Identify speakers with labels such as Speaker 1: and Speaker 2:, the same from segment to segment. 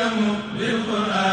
Speaker 1: أعلم بالقرآن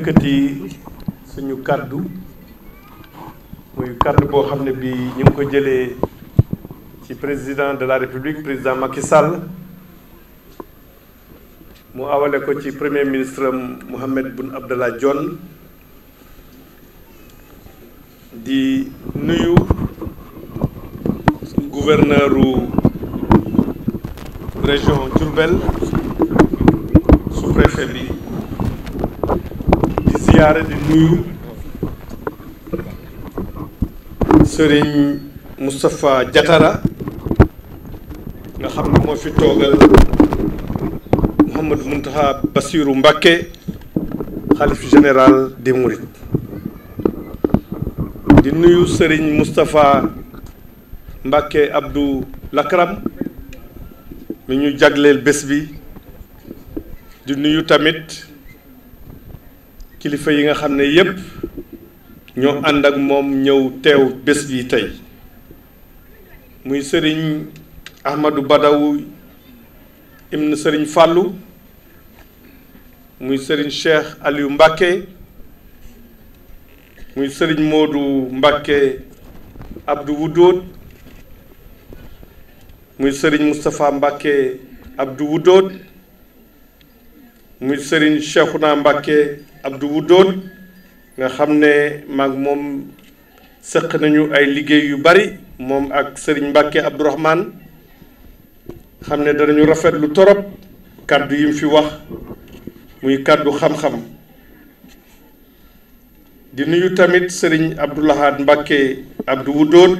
Speaker 2: yëkkati suñu kàddu muy kàddu boo xam ne bii ñu ngi ko jëlee ci président de la république président Macky Sall mu awale ko ci premier ministre Mohamed Boun Abdallah Dionne di nuyu gouverneur région Diourbel sous-préfet bi ziyaare di nuyu sëriñ Moustapha Diatara nga xam ne moo fi toogal Mouhamadou Mountakha Bassirou Mbacké xalif général des Mourides di nuyu sëriñ Moustapha Mbacké Abdou Lakram mi ñu jagleel bés bi di nuyu tamit kilifa yi nga xam ne yépp ñoo ànd ak moom ñëw teew bés bi tey muy sëriñ ahmadu im na sëriñ fàllu muy sëriñ cheikh aliou mbàkke muy sëriñ moodu mbàkke abdu wudóot muy sëriñ moustapha mbàkke abdu wudóot muy sëriñ Serigne Cheikhouna Mbacké Abdou Wudóot nga xam ne maag moom sëq nañu ay liggéey yu bari moom ak Serigne Mbacké Abdourahmane xam ne danañu rafetlu torop kàddu yi mu fi wax muy kàddu xam-xam di nuyu tamit sëriñ Abdou Lahad Mbacké Abdou Wudóot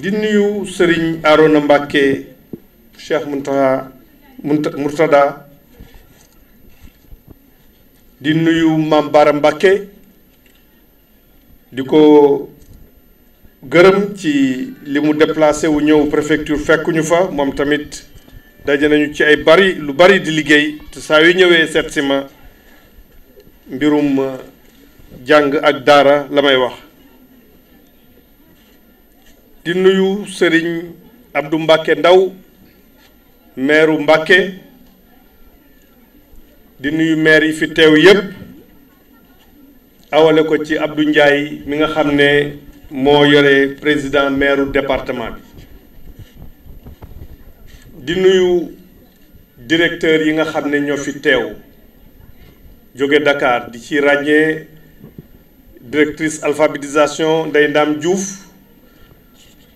Speaker 2: di nuyu sëriñ Arona Mbacké Cheikh Mountakha munta Murtada di nuyu maam Bara Mbàkke di ko gërëm ci li mu déplacé wu ñëw préfecture fekkuñu fa moom tamit daje nañu ci ay bari lu bari di liggéey te saa yu ñëwee seet ma mbirum uh, jàng ak daara la may wax di nuyu sëriñ ab Abdou Mbàkke Ndaw maire u Mbàkke di nuyu maire yi fi teew yépp awale ko ci Abdou Ndiaye mi nga xam ne moo yore président maire u département bi di nuyu directeur yi nga xam ne ñoo fi teew jóge Dakar di ci ràññee directrice alphabétisation Ndeye ndaam Diouf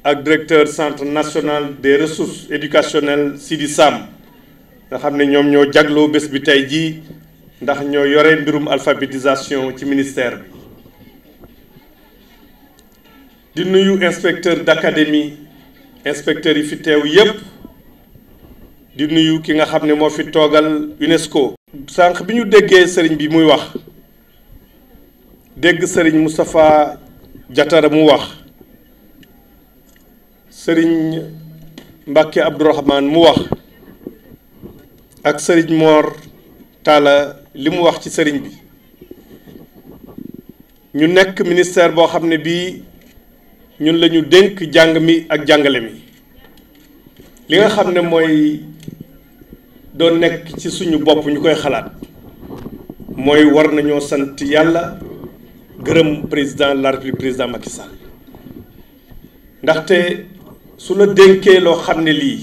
Speaker 2: ak directeur centre national des ressources éducationnelles Sidi Sam nga xam ne ñoom ñoo jagloo bés bi tey jii ndax ñoo yore mbirum alphabétisation ci ministère bi di nuyu inspecteur d'académie inspecteur yi fi teew yépp di nuyu ki nga xam ne moo fi toogal UNESCO sànq bi ñu déggee sëriñ bi muy wax dégg sëriñ Moustapha Diatara mu wax sëriñ Mbàkke Abdourahman mu wax ak sëriñ Moor Talla li mu wax ci sëriñ bi ñu nekk ministère boo xam ne bii ñun lañu dénk jàng mi ak jàngale mi li nga xam ne mooy doon nekk ci suñu bopp ñu koy xalaat mooy war nañoo sant yàlla gërëm président de la république président Macky Sall ndaxte su la dénkee loo xam ne lii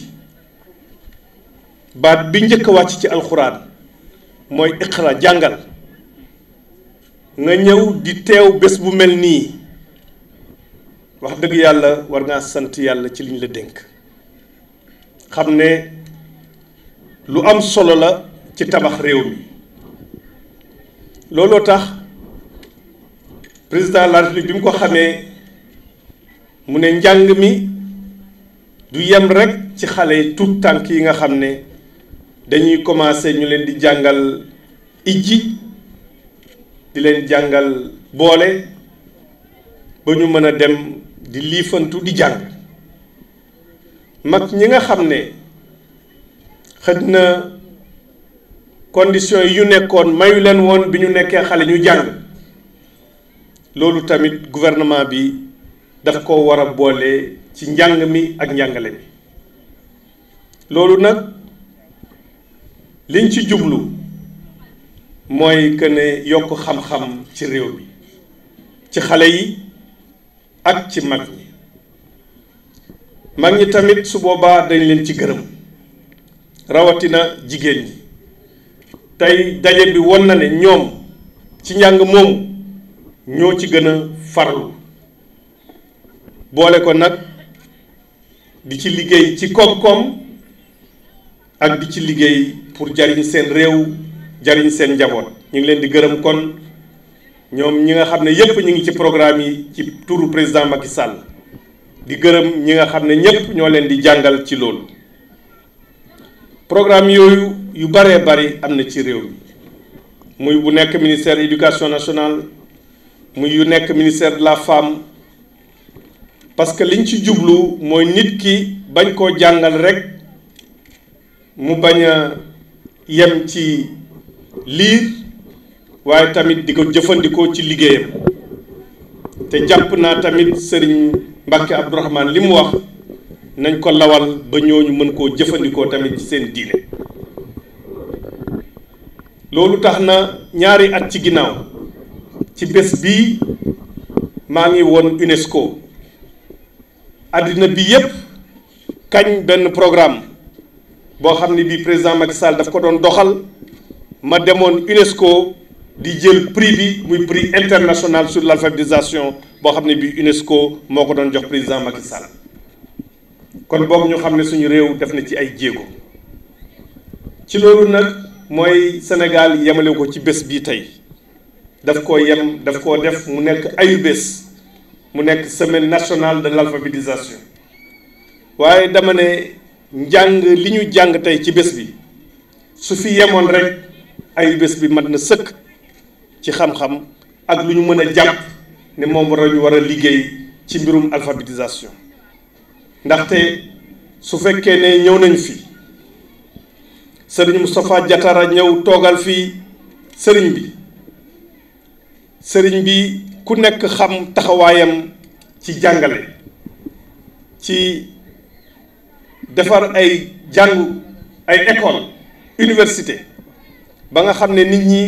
Speaker 2: baat bi njëkk a wàcc ci alxuraan mooy iqra jàngal nga ñëw di teew bés bu mel nii wax dëgg yàlla war ngaa sant yàlla ci ñu la dénk xam ne lu am solo la ci tabax réew mi looloo tax président de la bi mu ko xamee mu ne njàng mi du yem rek ci xale yi tout tànk yi nga xam ne dañuy commencé ñu leen di jàngal ijji di leen jàngal boole ba ñu mën a dem di liifantu di jàng mag ñi nga xam ne xëdd na yi yu nekkoon mayu leen woon bi ñu nekkee xale ñu jàng loolu tamit gouvernement bi daf ko war a boole ci njàng mi ak njàngale mi loolu nag liñ ci jublu mooy que ne yokk xam-xam ci réew mi ci xale yi ak ci mag ñi mag ñi tamit su boobaa dañ leen ci gërëm rawatina jigéen ñi tey daje bi won na ne ñoom ci njàng moomu ñoo ci gën a farlu boole ko nag di ci liggéey ci koom-koom ak di ci liggéey pour jariñ seen réew jariñ seen njaboot ñu ngi leen di gërëm kon ñoom ñi nga xam ne yépp ñu ngi ci programme yi ci turu président Macky Sall di gërëm ñi nga xam ne ñépp ñoo leen di jàngal ci loolu programme yooyu yu baree bari am na ci réew mi muy bu nekk ministère éducation nationale muy yu nekk ministère de la femme parce que liñ ci jublu mooy nit ki bañ koo jàngal rekk mu bañ a yem ci liir waaye tamit di ko jëfandikoo ci liggéeyam te jàpp naa tamit sëriñ Mbàkke Abdourahmane li mu wax nañ ko lawal ba ñu mën koo jëfandikoo tamit ci seen diine loolu tax na ñaari at ci ginnaaw ci bés bii maa ngi woon UNESCO àddina bi yépp kañ benn programme boo xam ne bii président Macky Sall daf ko doon doxal ma demoon UNESCO di jël prix bi muy prix international sur l'alphabétisation boo xam ne bii UNESCO moo ko doon jox président Macky Sall kon boobu ñu xam ne suñu réew def na ci ay jéego ci loolu nag mooy Sénégal yemale ko ci bés bii tey daf ko yem daf koo def mu nekk ayu bés mu nekk semaine nationale de l'alphabétisation waaye dama ne njàng li ñu jàng tey ci bés bi su fi yemoon rek ay bés bi mat na sëkk ci xam-xam ak lu ñu mën a jàpp ne moom war ñu war a liggéey ci mbirum alphabétisation ndaxte su fekkee ne ñëw nañ fi sëriñ Moustapha jatara ñëw toogal fii sëriñ bi sëriñ bi ku nekk xam taxawaayam ci jàngale ci defar ay jàngu ay école université ba nga xam ne nit ñi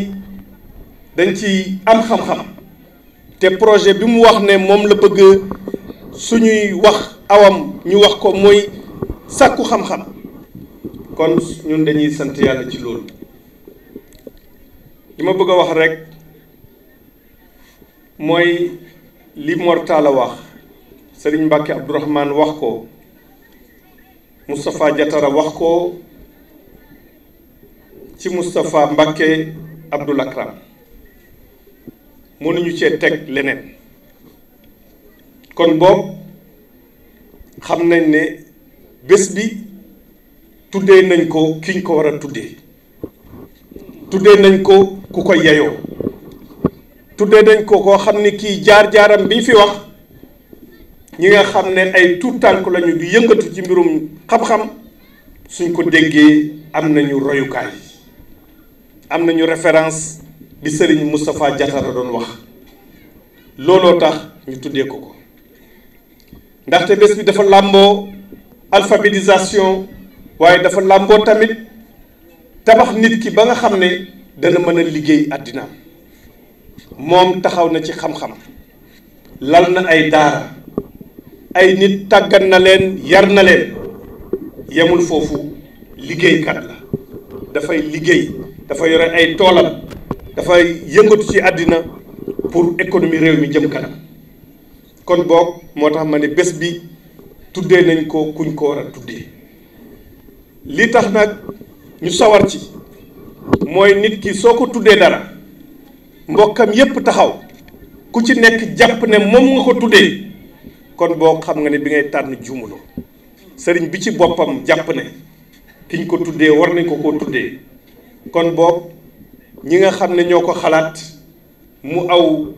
Speaker 2: dañ ci am xam-xam te projet bi mu wax ne moom la bëgg suñuy wax awam ñu wax ko mooy sàkku xam-xam kon ñun dañuy sant yàlla ci loolu li ma bëgg a wax rekk mooy li Mor Talla wax Serigne Mbacke Abdourahmane wax ko Moustapha Diatara wax ko ci Moustapha Mbacke Abdoul Akram mënuñu cee teg leneen kon boobu xam nañ ne bés bi tuddee nañ ko kiñ ko war a tuddee tuddee nañ ko ku ko yeyoo dee dañ ko koo xam ne kii jaar-jaaram bi ñu fi wax ñi nga xam ne ay tuut tànk lañu di yëngatu ci mbirum xam-xam suñ ko déggee am nañu royukaay am nañu référence bi Serigne Moustapha Diatara doon wax looloo tax ñu tuddee ko ko ndaxte bés bi dafa làmboo alphabétisation waaye dafa làmboo tamit tabax nit ki ba nga xam ne dana mën a liggéey àddinaam moom taxaw na ci xam-xam lal na ay daara ay nit tàggat na leen yar na leen yemul foofu liggéeykat la dafay liggéey dafa yore ay toolam dafay yëngatu ci àddina pour économie réew mi jëm kanam kon boog moo tax ma ne bés bi tuddee nañ ko kuñ ko war a tuddee li tax nag ñu sawar ci mooy nit ki soo ko tuddee dara mbokkam yépp taxaw ku ci nekk jàpp ne moom nga ko tuddee kon boo xam nga ne bi ngay tànn juumuloo sëriñ bi ci boppam jàpp ne kiñ ko tuddee war nañ ko koo tuddee kon boob ñi nga xam ne ñoo ko xalaat mu aw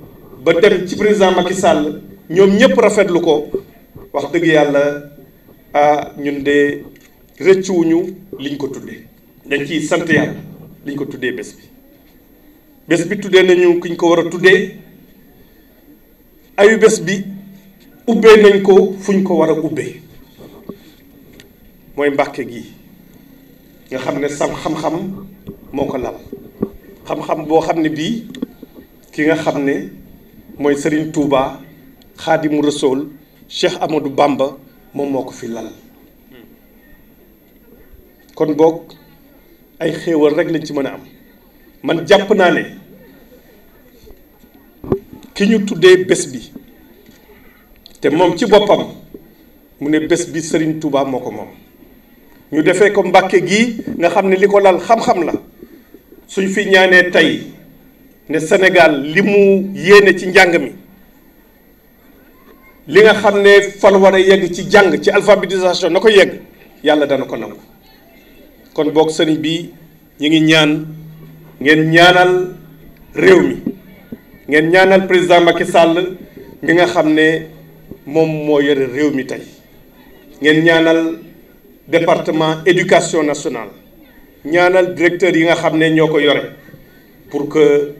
Speaker 2: ba dem ci président Macky Sall ñoom ñëpp rafetlu ko wax dëgg yàlla ah ñun de rëccuwuñu liñ ko tuddee dañ ciy sant yàlla liñ ko tuddee bés bi bés bi tuddee nañu ki ko war a tuddee ayu bés bi ubbee nañ ko fu ñu ko war a ubbee mooy mbàkke gi nga xam ne sam xam-xam moo ko lal xam-xam boo xam ne bii ki nga xam ne mooy Serigne Touba Xaadimu Rasuul Cheikh amadu bàmba moom moo ko fi lal kon boog ay xéewal rek lañ ci mën a am. man jàpp naa ne ki ñu tuddee bés bi te moom ci boppam mu ne bés bi sëriñ Touba moo ko moom ñu defee ko Mbàkke gi nga xam ne li ko lal xam-xam la suñ fi ñaanee tey ne senegal li mu yéene ci njàng mi li nga xam ne fal war a yegg ci jàng ci alphabétisation na ko yegg yàlla dana ko nangu kon boog sëriñ bi ñu ngi ñaan ngeen ñaanal réew mi ngeen ñaanal président Macky sàll mi nga xam ne moom moo yore réew mi tey ngeen ñaanal département éducation nationale ñaanal directeur yi nga xam ne ñoo ko yore pour que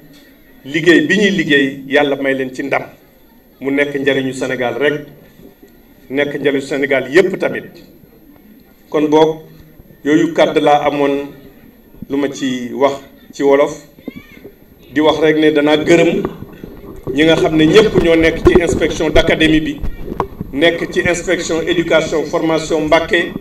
Speaker 2: liggéey bi ñuy liggéey yàlla may leen ci ndam mu nekk njariñu Sénégal rek nekk njariñu Sénégal yépp tamit kon boog yooyu kàddu laa amoon lu ma ci wax ci wolof di wax rek ne danaa gërëm ñi nga xam ne ñëpp ñoo nekk ci inspection d'académie bi nekk ci inspection éducation formation Mbacké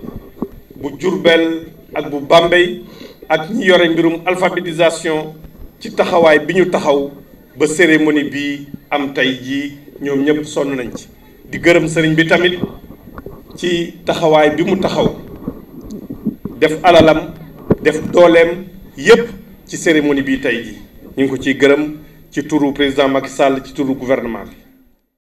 Speaker 2: bu Diourbel ak bu Bambey ak ñi yore mbirum alphabétisation ci taxawaay bi ñu taxaw ba cérémonie bi am tey jii ñoom ñëpp sonn nañ ci di gërëm sëriñ bi tamit ci taxawaay bi mu taxaw def alalam def dooleem yëpp ci cérémonie bi tey ji ñu ngi ko ciy gërëm ci turu président Macky sàll ci turu gouvernement bi